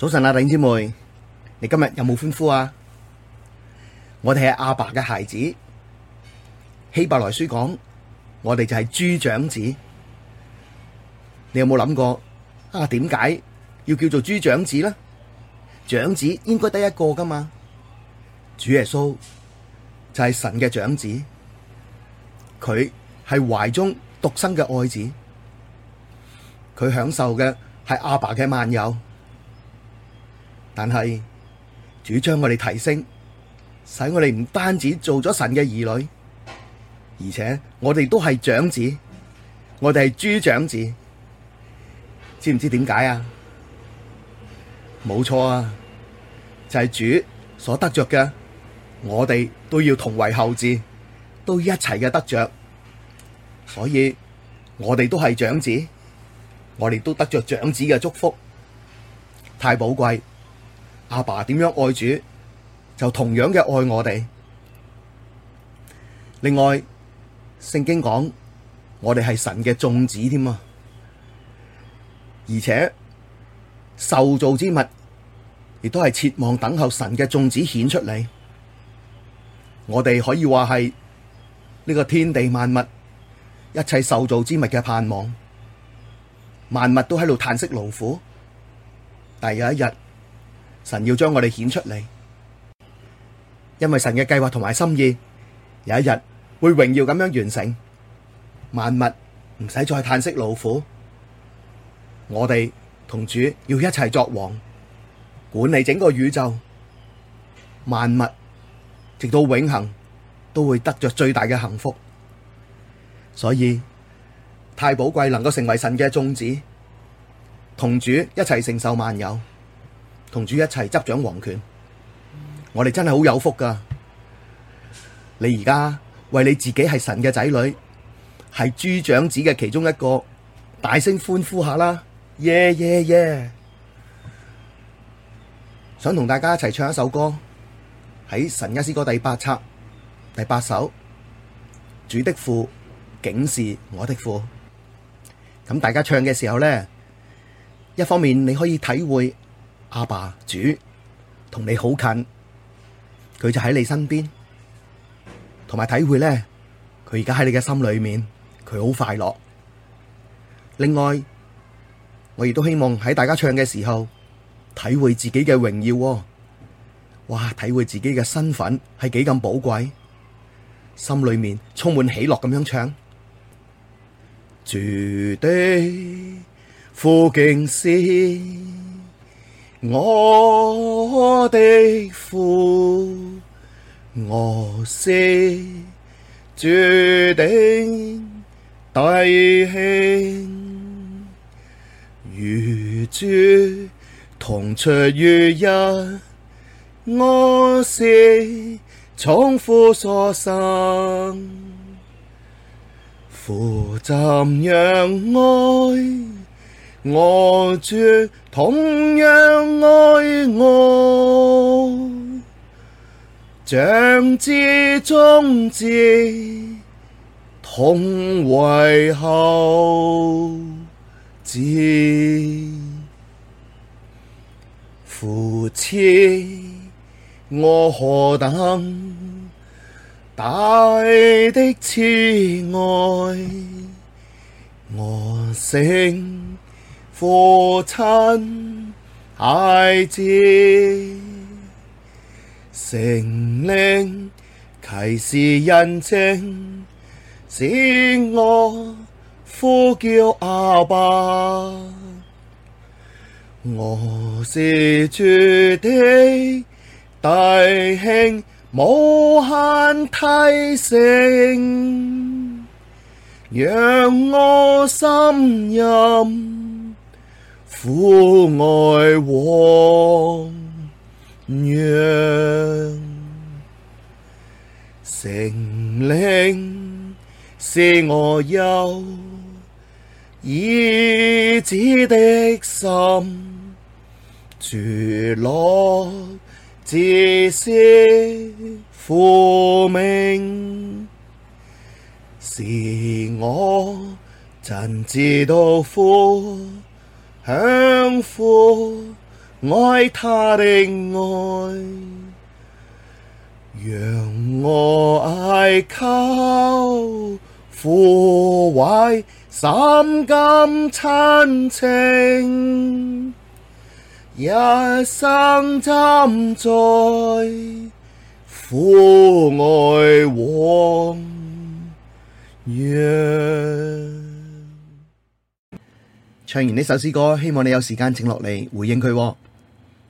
早晨啊，弟兄姊妹，你今日有冇歡呼啊？我哋係阿爸嘅孩子，希伯來書講，我哋就係諸長子。你有冇諗過啊？點解要叫做諸長子咧？長子應該得一個噶嘛。主耶穌就係神嘅長子，佢係懷中獨生嘅愛子，佢享受嘅係阿爸嘅萬有。但係，主將我哋提升，使我哋唔單止做咗神嘅兒女，而且我哋都係長子，我哋係諸長子，知唔知點解啊？冇錯啊，就係主所得着嘅，我哋都要同為後嗣，都一齊嘅得着，所以我哋都係長子，我哋都得着長子嘅祝福，太寶貴。阿爸點樣愛主，就同樣嘅愛我哋。另外，聖經講我哋係神嘅眾子添啊！而且受造之物，亦都係切望等候神嘅眾子顯出嚟。我哋可以話係呢個天地萬物，一切受造之物嘅盼望。萬物都喺度嘆息勞苦，但係有一日。神要將我哋顯出嚟，因為神嘅計劃同埋心意，有一日會榮耀咁樣完成，萬物唔使再嘆息勞苦，我哋同主要一齊作王，管理整個宇宙，萬物直到永恆都會得着最大嘅幸福。所以太寶貴，能夠成為神嘅眾子，同主一齊承受萬有。同主一齊執掌王權，我哋真係好有福噶！你而家為你自己係神嘅仔女，係諸長子嘅其中一個，大聲歡呼下啦！耶耶耶！想同大家一齊唱一首歌，喺神家詩歌第八冊第八首主的父竟是我的父。咁大家唱嘅時候呢，一方面你可以體會。阿爸主同你好近，佢就喺你身邊，同埋體會呢，佢而家喺你嘅心裏面，佢好快樂。另外，我亦都希望喺大家唱嘅時候，體會自己嘅榮耀哦。哇，體會自己嘅身份係幾咁寶貴，心裏面充滿喜樂咁樣唱。住的附近是。我的父，我是主的弟兄，與主同出於一，我是從父所生，父怎樣愛，我主同樣愛我，長子眾子，同為後嗣。父賜，我何等大的慈愛，我成。父親、孩子，聖靈啟示、印證，使我呼叫阿爸。我是主的弟兄，無限提升，讓我深飲。父愛汪洋，聖靈使我有兒子的心，主樂指示父名，使我真知道父。享父愛他的愛，讓我挨靠父懷，深感親情，一生浸在父愛汪洋。唱完呢首詩歌，希望你有時間靜落嚟回應佢。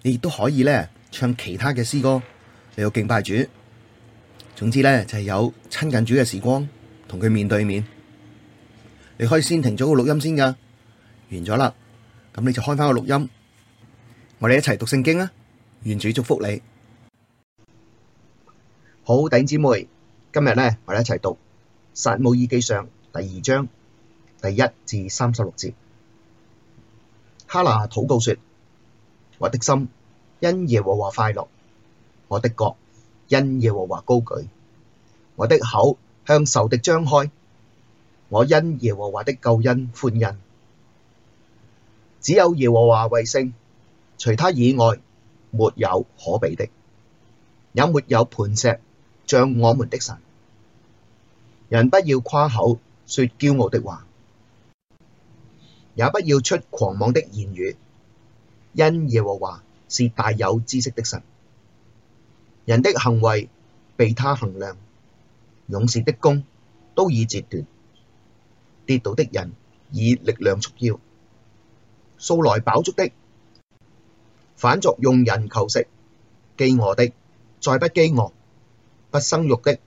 你亦都可以咧唱其他嘅詩歌，你要敬拜主。總之咧就係、是、有親近主嘅時光，同佢面對面。你可以先停咗個錄音先噶，完咗啦，咁你就開翻個錄音，我哋一齊讀聖經啊。願主祝福你。好，弟兄姊妹，今日咧我哋一齊讀撒母耳記上第二章第一至三十六節。哈拿禱告說：我的心因耶和華快樂，我的角因耶和華高舉，我的口向仇敵張開，我因耶和華的救恩歡欣。只有耶和華為聖，除他以外沒有可比的，也沒有磐石像我們的神。人不要誇口說驕傲的話。 也不要出狂妄的言語，因耶和華是大有智識的神。人的行為被他衡量，勇士的弓都已折斷，跌倒的人以力量束腰，素來飽足的反作用人求食，飢餓的再不飢餓，不生育的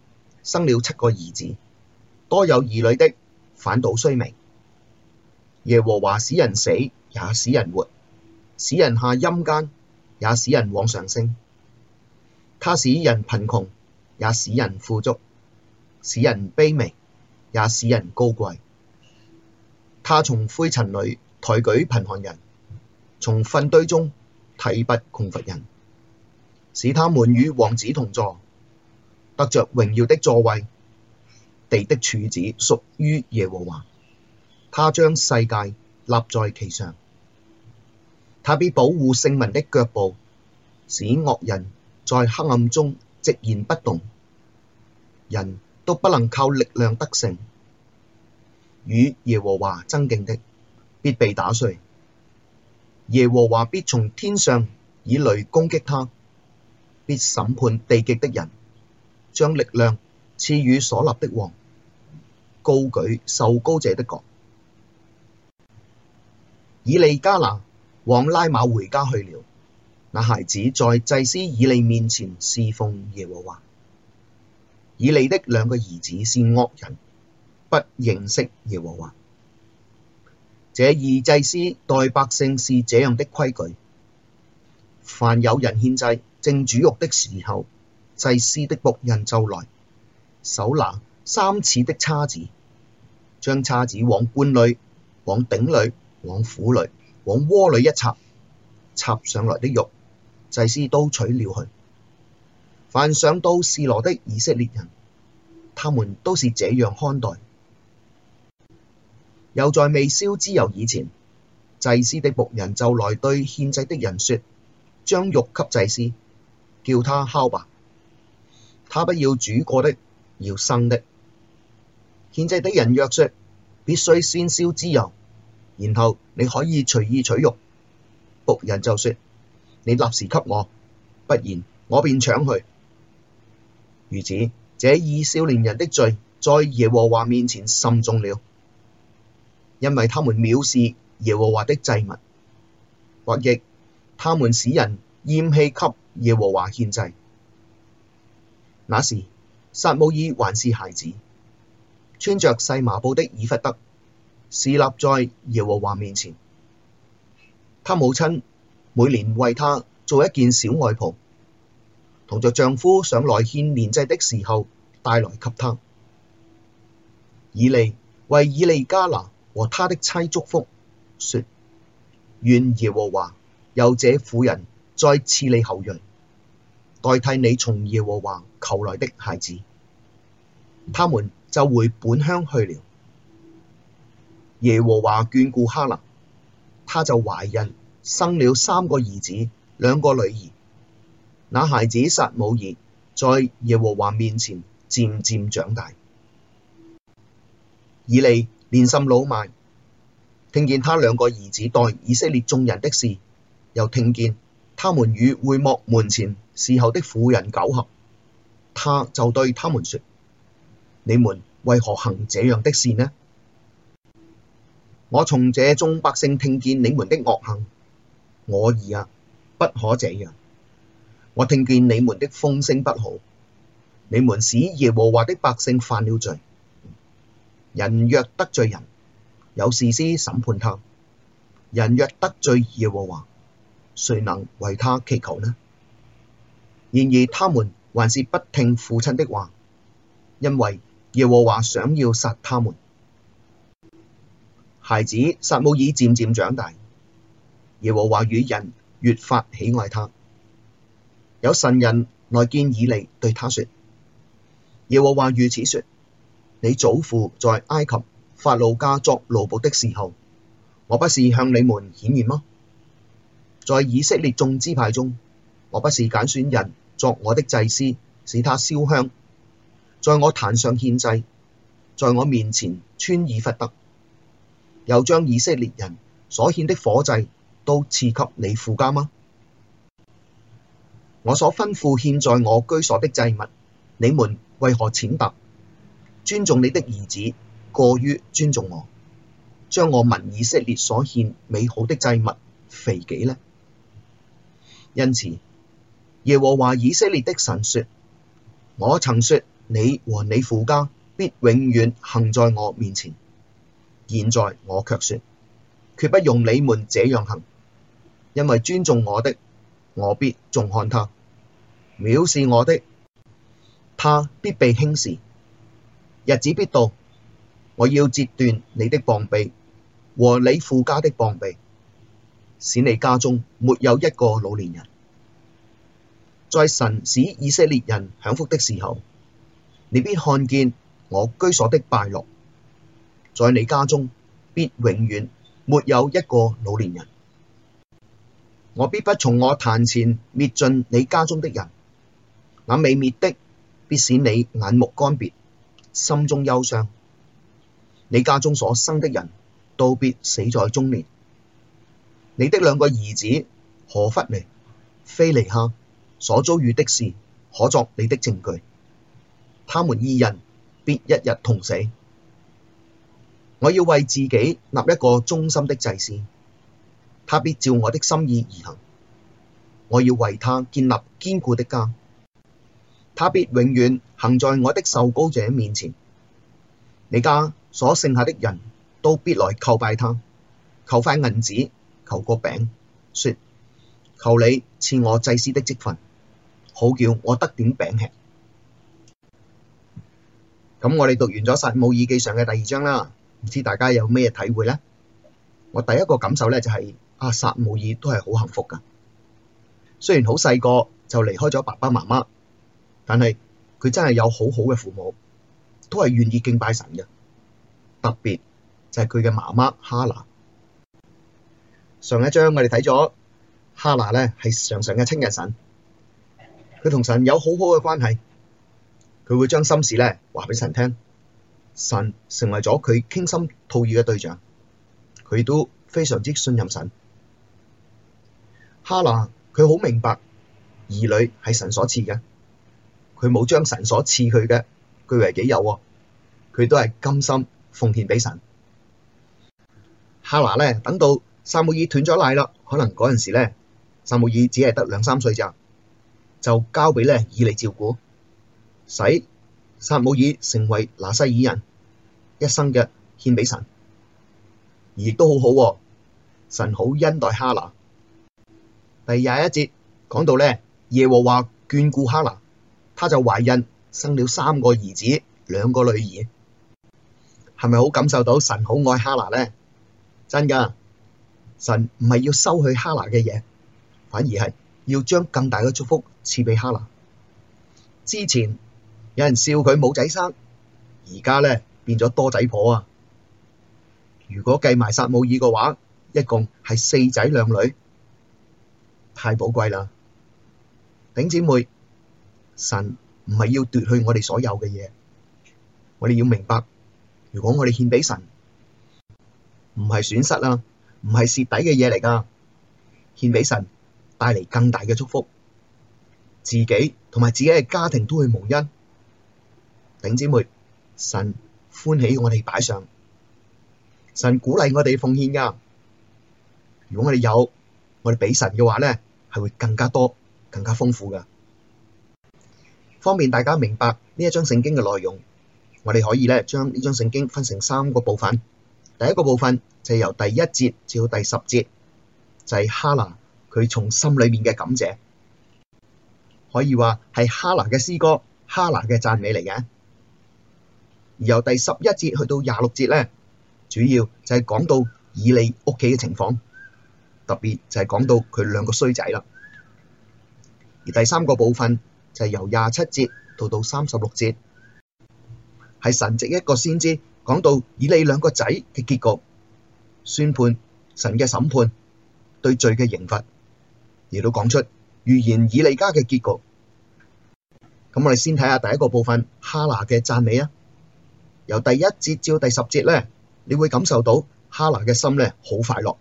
生了七個兒子，多有兒女的反倒衰微。耶和華使人死，也使人活；使人下陰間，也使人往上升。他使人貧窮，也使人富足；使人卑微，也使人高貴。他從灰塵裡抬舉貧寒人，從糞堆中提拔窮乏人，使他們與王子同坐，得着榮耀的座位。地的柱子屬於耶和華。他將世界立在其上，他必保護聖民的腳步，使惡人在黑暗中寂然不動。人都不能靠力量得勝，與耶和華爭競的必被打碎。耶和華必從天上以雷攻擊他，必審判地極的人，將力量賜予所立的王，高舉受膏者的角。以利加拿往拉馬回家去了。那孩子在祭司以利面前侍奉耶和華。以利的兩個兒子是惡人，不認識耶和華。這二祭司待百姓是這樣的規矩：凡有人獻祭正煮肉的時候，祭司的僕人就來，手拿三齒的叉子，將叉子往罐裡、往鼎裡。往釜裡、往鍋裡一插，插上來的肉，祭司都取了去。凡上到示羅的以色列人，他們都是這樣看待。又在未燒脂油以前，祭司的僕人就來對獻祭的人說：將肉給祭司，叫他烤吧。他不要煮過的，要生的。獻祭的人若說：必須先燒脂油。然後你可以隨意取肉。僕人就説：你立時給我，不然我便搶去。如此，這二少年人的罪在耶和華面前甚重了，因為他們藐視耶和華的祭物，或譯他們使人厭棄給耶和華獻祭。那時，撒母耳還是孩子，穿着細麻布的以弗得。侍立在耶和華面前，他母親每年為他做一件小外袍，同着丈夫上來獻年祭的時候帶來給他。以利為以利加拿和他的妻祝福，說：願耶和華由這婦人再賜你後裔，代替你從耶和華求來的孩子。他們就回本鄉去了。耶和華眷顧哈拿，他就懷孕，生了三個兒子，兩個女兒。那孩子撒母耳，在耶和華面前漸漸長大。以利年甚老邁，聽見他兩個兒子待以色列眾人的事，又聽見他們與會幕門前伺候的婦人苟合，他就對他們說：你們為何行這樣的事呢？我從這眾百姓聽見你們的惡行，我兒啊，不可這樣。我聽見你們的風聲不好，你們使耶和華的百姓犯了罪。人若得罪人，有士師審判他；人若得罪耶和華，誰能為他祈求呢？然而他們還是不聽父親的話，因為耶和華想要殺他們。孩子撒母耳漸漸長大，耶和華與人越發喜愛他。有神人來見以利，對他說：耶和華如此說：你祖父在埃及法老家作奴僕的時候，我不是向你們顯現嗎？在以色列眾支派中，我不是揀選人作我的祭司，使他燒香，在我壇上獻祭，在我面前穿以弗得。」又將以色列人所獻的火祭都賜給你父家嗎？我所吩咐獻在我居所的祭物，你們為何踐踏？尊重你的兒子過於尊重我，將我民以色列所獻美好的祭物肥己呢？因此，耶和華以色列的神說：我曾說，你和你父家必永遠行在我面前。現在我卻說，決不用你們這樣行，因為尊重我的，我必重看他；藐視我的，他必被輕視。日子必到，我要截斷你的膀臂和你父家的膀臂，使你家中沒有一個老年人。在神使以色列人享福的時候，你必看見我居所的敗落。在你家中，必永遠沒有一個老年人。我必不從我壇前滅盡你家中的人。那未滅的，必使你眼目乾癟，心中憂傷。你家中所生的人，都必死在中年。你的兩個兒子何弗尼、非尼哈所遭遇的事，可作你的證據。他們二人必一日同死。我要為自己立一個忠心的祭司，他必照我的心意而行。我要為他建立堅固的家，他必永遠行在我的受膏者面前。你家所剩下的人都必來叩拜他，求塊銀子，求個餅，說：求你賜我祭司的職分，好叫我得點餅吃。咁我哋讀完咗《撒母耳記上》嘅第二章啦。唔知大家有咩體會咧？我第一個感受咧，就係阿撒母耳都係好幸福噶。雖然好細個就離開咗爸爸媽媽，但係佢真係有好好嘅父母，都係願意敬拜神嘅。特別就係佢嘅媽媽哈拿。上一章我哋睇咗哈拿咧，係常常嘅稱讚神，佢同神有好好嘅關係，佢會將心事咧，話俾神聽。神成為咗佢傾心吐意嘅對象，佢都非常之信任神。哈拿佢好明白兒女係神所賜嘅，佢冇將神所賜佢嘅據為己有，佢都係甘心奉獻畀神。哈拿咧等到撒母耳斷咗奶啦，可能嗰陣時咧撒母耳只係得兩三歲咋，就交俾咧以利照顧洗。撒母耳成為拿西爾人一生嘅獻俾神，而亦都好好、啊，神好恩待哈拿。第廿一節講到咧，耶和華眷顧哈拿，他就懷孕生了三個兒子，兩個女兒，係咪好感受到神好愛哈拿咧？真噶，神唔係要收去哈拿嘅嘢，反而係要將更大嘅祝福賜俾哈拿。之前。有人笑佢冇仔生，而家咧變咗多仔婆啊！如果計埋撒母耳嘅話，一共係四仔兩女，太寶貴啦！頂姐妹，神唔係要奪去我哋所有嘅嘢，我哋要明白，如果我哋獻俾神，唔係損失啊，唔係蝕底嘅嘢嚟噶，獻俾神帶嚟更大嘅祝福，自己同埋自己嘅家庭都會蒙恩。弟兄姊妹，神歡喜我哋擺上，神鼓勵我哋奉獻噶。如果我哋有，我哋俾神嘅話咧，係會更加多、更加豐富噶。方便大家明白呢一張聖經嘅內容，我哋可以咧將呢張聖經分成三個部分。第一個部分就係由第一節至到第十節，就係、是、哈拿，佢從心裡面嘅感謝，可以話係哈拿嘅詩歌、哈拿嘅讚美嚟嘅。而由第十一節去到廿六節咧，主要就係講到以利屋企嘅情況，特別就係講到佢兩個衰仔啦。而第三個部分就係由廿七節到到三十六節，係神藉一個先知講到以利兩個仔嘅結局，宣判神嘅審判，對罪嘅刑罰，亦都講出預言以利家嘅結局。咁我哋先睇下第一個部分，哈拿嘅讚美啊。由第一節至到第十節咧，你會感受到哈拿嘅心咧好快樂。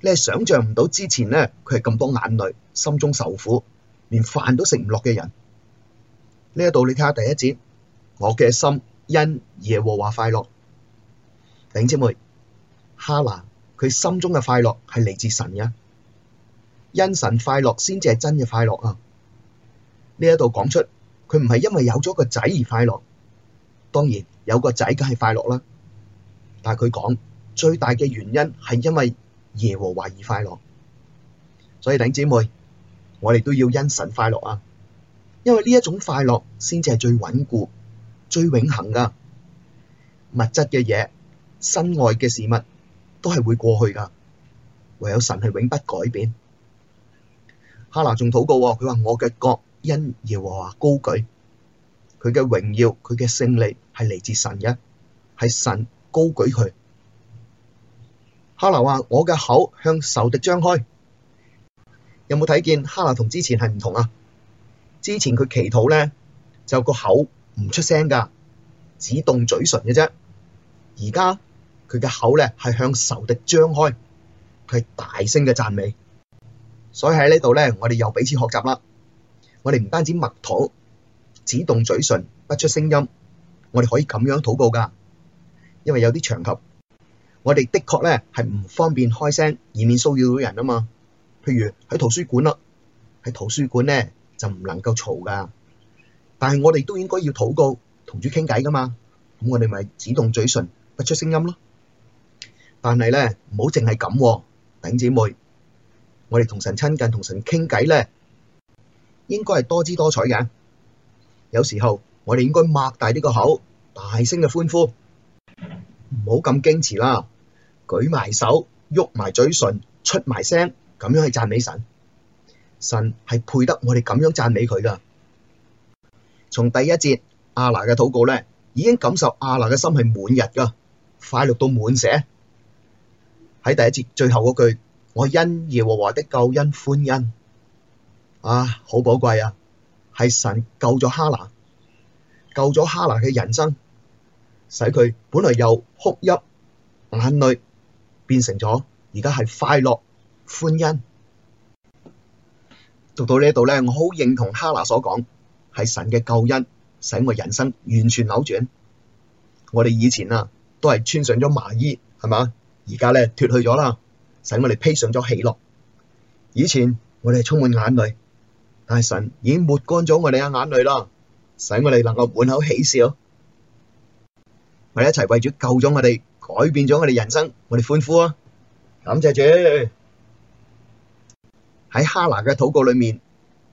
你係想象唔到之前咧，佢係咁多眼淚，心中受苦，連飯都食唔落嘅人。呢一度你睇下第一節，我嘅心因耶和華快樂。頂姐妹，哈拿佢心中嘅快樂係嚟自神嘅，因神快樂先至係真嘅快樂啊。呢一度講出佢唔係因為有咗個仔而快樂，當然。有個仔梗係快樂啦，但係佢講最大嘅原因係因為耶和華而快樂，所以頂姐妹，我哋都要因神快樂啊！因為呢一種快樂先至係最穩固、最永恆噶物質嘅嘢、身外嘅事物都係會過去噶唯有神係永不改變。哈拿仲禱告喎，佢話我嘅角因耶和華高舉，佢嘅榮耀，佢嘅勝利，係嚟自神嘅，係神高舉佢。哈拿話：我嘅口向仇敵張開。有冇睇見哈拿同之前係唔同啊？之前佢祈禱咧就有個口唔出聲噶，只動嘴唇嘅啫。而家佢嘅口咧係向仇敵張開，佢係大聲嘅讚美。所以喺呢度咧，我哋又彼此學習啦。我哋唔單止默禱，只動嘴唇，不出聲音。我哋可以咁樣禱告噶，因為有啲場合，我哋的確咧係唔方便開聲，以免騷擾到人啊嘛。譬如喺圖書館啦，喺圖書館咧就唔能夠嘈噶。但係我哋都應該要禱告，同主傾偈噶嘛。咁我哋咪只動嘴唇，不出聲音咯。但係咧，唔好淨係咁，弟兄姊妹，我哋同神親近，同神傾偈咧，應該係多姿多彩嘅。有時候。我哋應該擘大呢個口，大聲嘅歡呼，唔好咁矜持啦，舉埋手，喐埋嘴唇，出埋聲，咁樣去讚美神。神係配得我哋咁樣讚美佢噶。從第一節哈拿嘅禱告咧，已經感受哈拿嘅心係滿日噶，快樂到滿寫喺第一節最後嗰句，我因耶和華的救恩歡欣啊，好寶貴啊，係神救咗哈拿。救咗哈拿嘅人生，使佢本來由哭泣眼淚變成咗而家係快樂歡欣。讀到呢度咧，我好認同哈拿所講，係神嘅救恩，使我人生完全扭轉。我哋以前啊，都係穿上咗麻衣，係嘛？而家咧脫去咗啦，使我哋披上咗喜樂。以前我哋係充滿眼淚，但係神已經抹乾咗我哋嘅眼淚啦。使我哋能夠滿口喜笑，我哋一齊為主救咗我哋、改變咗我哋人生，我哋歡呼啊！感謝主！喺哈拿嘅禱告裏面，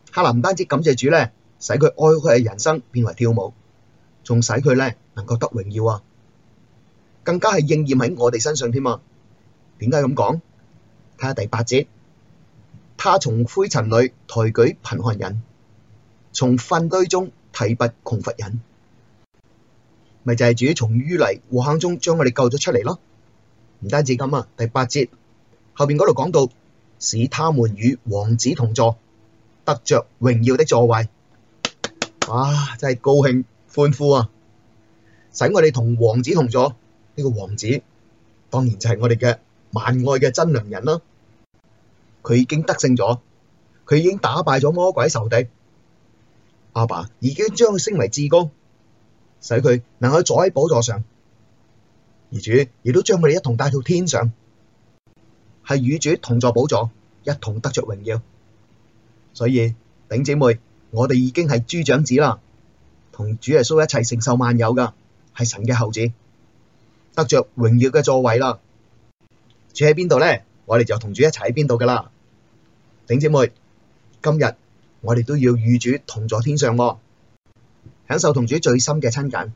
哈拿唔單止感謝主咧，使佢哀苦嘅人生變為跳舞，仲使佢咧能夠得榮耀啊！更加係應驗喺我哋身上添啊！點解咁講？睇下第八節，他從灰塵裏抬舉貧寒人，從糞堆中。提拔窮乏人，咪就係主從淤泥、火坑中將我哋救咗出嚟咯。唔單止咁啊，第八節後邊嗰度講到，使他們與王子同坐，得着榮耀的座位。哇，真係高興歡呼啊！使我哋同王子同坐，呢個王子當然就係我哋嘅萬愛嘅真良人啦。佢已經得勝咗，佢已經打敗咗魔鬼仇敵。阿爸，爸已經將佢升為至高，使佢能夠坐喺寶座上，而主亦都將佢哋一同帶到天上，係與主同坐寶座，一同得着榮耀。所以，頂姐妹，我哋已經係諸長子啦，同主耶穌一齊承受萬有噶，係神嘅後子，得着榮耀嘅座位啦。住喺邊度咧？我哋就同主一齊喺邊度噶啦。頂姐妹，今日。我哋都要與主同在天上啊，享受同主最深嘅親近。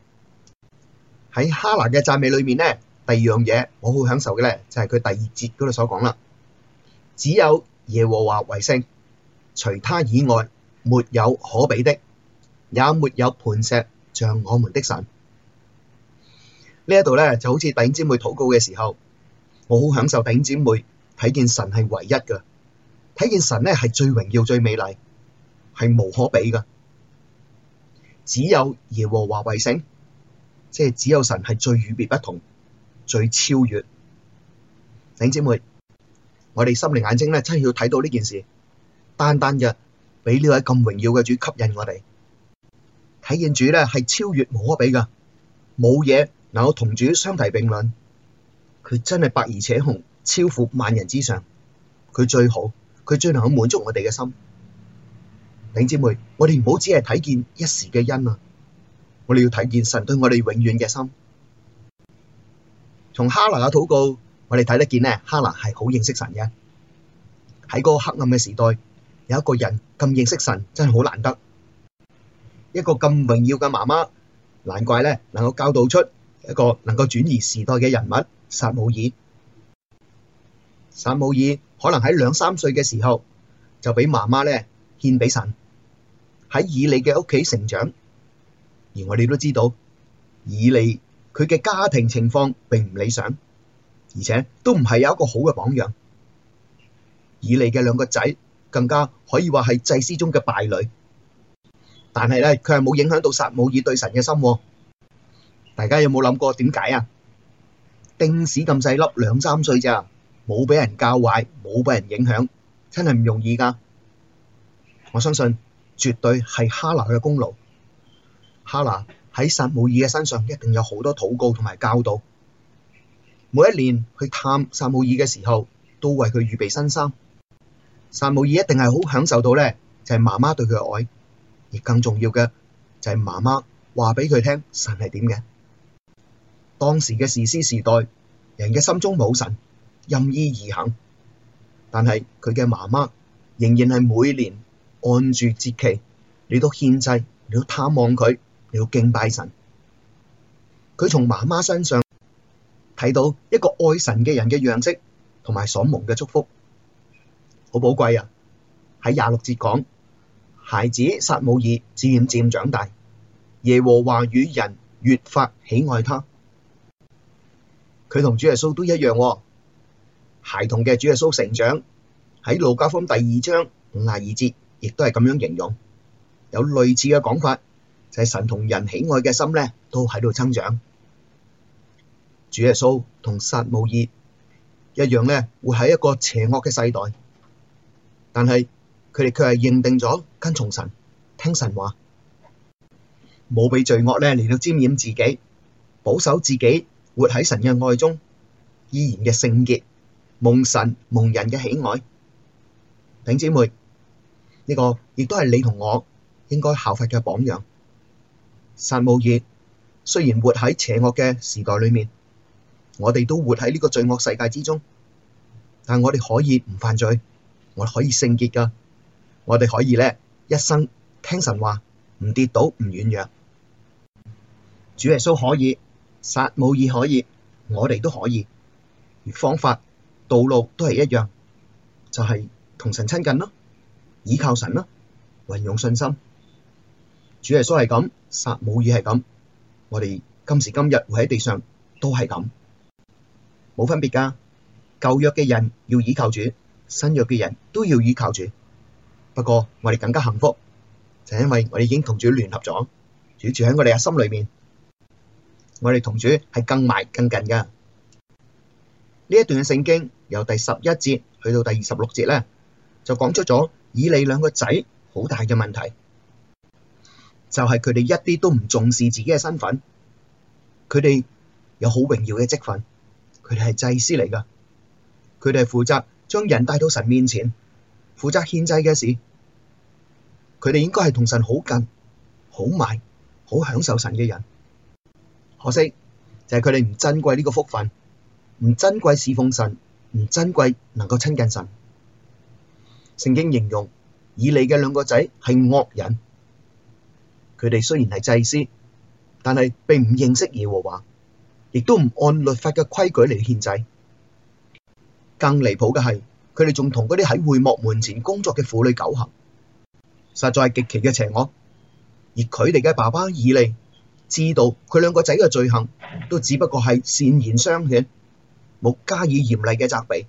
喺哈拿嘅讚美裏面呢，第二樣嘢我好享受嘅咧，就係佢第二節嗰度所講啦。只有耶和華為聖，除他以外沒有可比的，也沒有磐石像我們的神。呢一度咧，就好似頂姊妹禱告嘅時候，我好享受頂姊妹睇見神係唯一噶，睇見神咧係最榮耀最美麗。係無可比噶，只有耶和華為聖，即係只有神係最與別不同、最超越。弟兄姊妹，我哋心靈眼睛咧真係要睇到呢件事，單單嘅俾呢位咁榮耀嘅主吸引我哋，體現主咧係超越無可比噶，冇嘢能夠同主相提並論，佢真係白而且紅，超乎萬人之上，佢最好，佢最能夠滿足我哋嘅心。姐妹，我哋唔好只係睇見一時嘅恩啊！我哋要睇見神對我哋永遠嘅心。從哈拿嘅禱告，我哋睇得見咧，哈拿係好認識神嘅。喺嗰個黑暗嘅時代，有一個人咁認識神，真係好難得。一個咁榮耀嘅媽媽，難怪咧能夠教導出一個能夠轉移時代嘅人物。撒母耳，撒母耳可能喺兩三歲嘅時候就俾媽媽咧獻俾神。喺以利嘅屋企成長，而我哋都知道，以利佢嘅家庭情況並唔理想，而且都唔係有一個好嘅榜樣。以利嘅兩個仔更加可以話係祭司中嘅敗類，但係咧，佢係冇影響到撒母耳對神嘅心。大家有冇諗過點解啊？丁屎咁細粒，兩三歲咋，冇俾人教壞，冇俾人影響，真係唔容易噶。我相信。絕對係哈拿嘅功勞。哈拿喺撒母耳嘅身上一定有好多禱告同埋教導。每一年去探撒母耳嘅時候，都為佢預備新衫。撒母耳一定係好享受到呢，就係媽媽對佢嘅愛。而更重要嘅就係媽媽話俾佢聽，神係點嘅。當時嘅士師時代，人嘅心中冇神，任意而行。但係佢嘅媽媽仍然係每年，按住節期，你都獻祭，你都探望佢，你都敬拜神。佢從媽媽身上睇到一個愛神嘅人嘅樣式，同埋所蒙嘅祝福，好寶貴啊！喺廿六節講，孩子撒母耳漸漸長大，耶和華與人越發喜愛他。佢同主耶穌都一樣，啊，孩童嘅主耶穌成長喺路加福音第二章五十二節。亦都係咁樣形容，有類似嘅講法，就係、是、神同人喜愛嘅心咧，都喺度增長。主耶穌同撒母耳一樣咧，活喺一個邪惡嘅世代，但係佢哋卻係認定咗跟從神，聽神話，冇被罪惡咧嚟到沾染自己，保守自己活喺神嘅愛中，依然嘅聖潔，蒙神、蒙人嘅喜愛。弟兄姊妹。呢個亦都係你同我應該效法嘅榜樣。撒母耳雖然活喺邪惡嘅時代裏面，我哋都活喺呢個罪惡世界之中，但我哋可以唔犯罪，我哋可以聖潔噶，我哋可以咧一生聽神話，唔跌倒，唔軟弱。主耶穌可以，撒母耳可以，我哋都可以。而方法、道路都係一樣，就係、是、同神親近咯。倚靠神啦，運用信心。主耶穌係咁，撒母耳係咁，我哋今時今日活喺地上都係咁，冇分別噶。舊約嘅人要倚靠主，新約嘅人都要倚靠主。不過我哋更加幸福，就因為我哋已經同主聯合咗，主住喺我哋嘅心裡面，我哋同主係更埋更近噶。呢一段嘅聖經由第十一節去到第二十六節咧，就講出咗。以利兩個仔好大嘅問題，就係佢哋一啲都唔重視自己嘅身份。佢哋有好榮耀嘅職分，佢哋係祭司嚟噶，佢哋係負責將人帶到神面前，負責獻祭嘅事。佢哋應該係同神好近、好埋、好享受神嘅人。可惜就係佢哋唔珍貴呢個福分，唔珍貴侍奉神，唔珍貴能夠親近神。聖經形容以利嘅兩個仔係惡人，佢哋雖然係祭司，但係並唔認識耶和華，亦都唔按律法嘅規矩嚟獻祭。更離譜嘅係，佢哋仲同嗰啲喺會幕門前工作嘅婦女苟合，實在係極其嘅邪惡。而佢哋嘅爸爸以利知道佢兩個仔嘅罪行，都只不過係善言相勸，冇加以嚴厲嘅責備，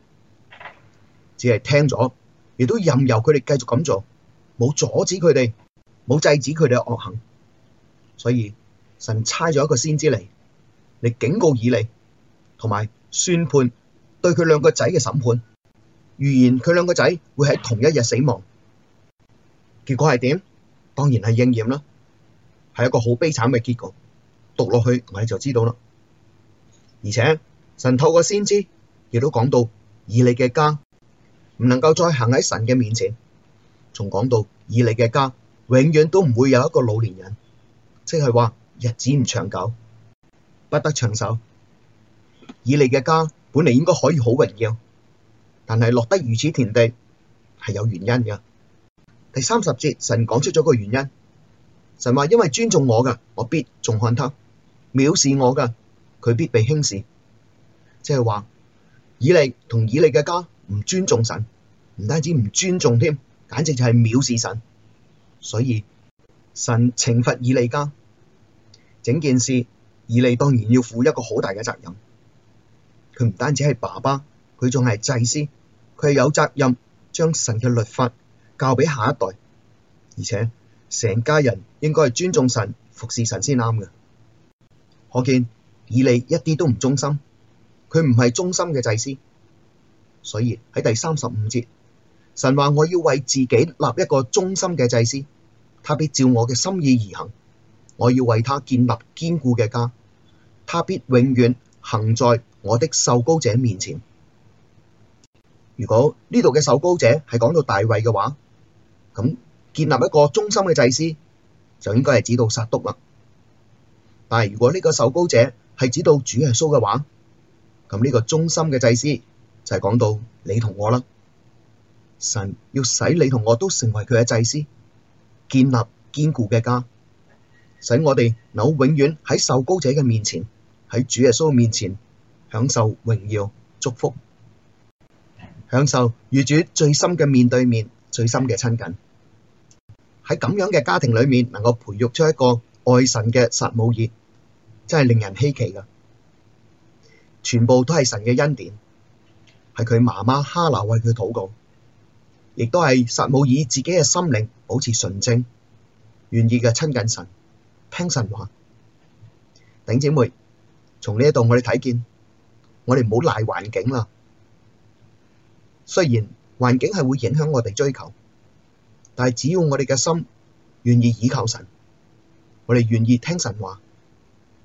只係聽咗。亦都任由佢哋繼續咁做，冇阻止佢哋，冇制止佢哋嘅惡行。所以神差咗一個先知嚟嚟警告以利，同埋宣判對佢兩個仔嘅審判，預言佢兩個仔會喺同一日死亡。結果係點？當然係應驗啦，係一個好悲慘嘅結果。讀落去我哋就知道啦。而且神透過先知亦都講到以利嘅家，唔能夠再行喺神嘅面前，仲講到以利嘅家，永遠都唔會有一個老年人，即係話日子唔長久，不得長壽。以利嘅家本嚟應該可以好榮耀，但係落得如此田地係有原因噶。第三十節神講出咗個原因，神話因為尊重我噶，我必重看他；藐視我噶，佢必被輕視。即係話以利同以利嘅家。唔尊重神，唔單止唔尊重添，簡直就係藐視神。所以神懲罰以利家，整件事以利當然要負一個好大嘅責任。佢唔單止係爸爸，佢仲係祭司，佢係有責任將神嘅律法教俾下一代，而且成家人應該係尊重神、服侍神先啱嘅。可見以利一啲都唔忠心，佢唔係忠心嘅祭司。所以喺第三十五節，神話我要為自己立一個忠心嘅祭司，他必照我嘅心意而行，我要為他建立堅固嘅家，他必永遠行在我的受膏者面前。如果呢度嘅受膏者係講到大衛嘅話，咁建立一個忠心嘅祭司就應該係指到撒督啦。但係如果呢個受膏者係指到主耶穌嘅話，咁呢個忠心嘅祭司，就係講到你同我啦，神要使你同我都成為佢嘅祭司，建立堅固嘅家，使我哋能永遠喺受膏者嘅面前，喺主耶穌面前享受榮耀祝福，享受與主最深嘅面對面、最深嘅親近。喺咁樣嘅家庭裏面，能夠培育出一個愛神嘅撒母耳，真係令人希奇噶。全部都係神嘅恩典。係佢媽媽哈拿為佢禱告，亦都係撒母耳自己嘅心靈保持純正，願意嘅親近神，聽神話。頂姐妹，從呢一度我哋睇見，我哋唔好賴環境啦。雖然環境係會影響我哋追求，但係只要我哋嘅心願意倚靠神，我哋願意聽神話，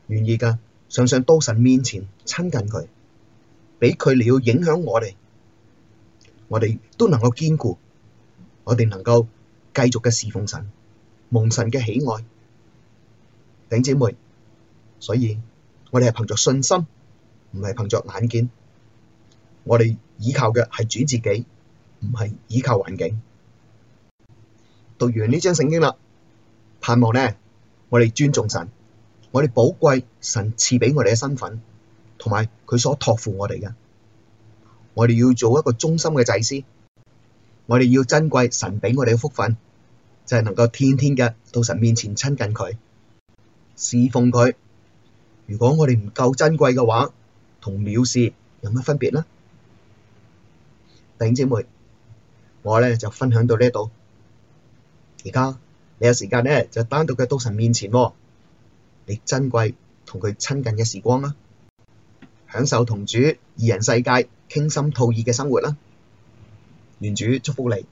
願意嘅上上到神面前親近佢。俾佢哋要影響我哋，我哋都能夠堅固，我哋能夠繼續嘅侍奉神，蒙神嘅喜愛，弟姐妹，所以我哋係憑着信心，唔係憑着眼見，我哋依靠嘅係主自己，唔係依靠環境。讀完呢章聖經啦，盼望呢，我哋尊重神，我哋寶貴神賜畀我哋嘅身份。同埋佢所託付我哋嘅，我哋要做一個忠心嘅祭司，我哋要珍貴神畀我哋嘅福分，就係能夠天天嘅到神面前親近佢，侍奉佢。如果我哋唔夠珍貴嘅話，同藐視有乜分別呢？弟兄姊妹，我咧就分享到呢度，而家你有時間咧，就單獨嘅到神面前，你珍貴同佢親近嘅時光啦。享受同主二人世界傾心吐意嘅生活啦，願主祝福你。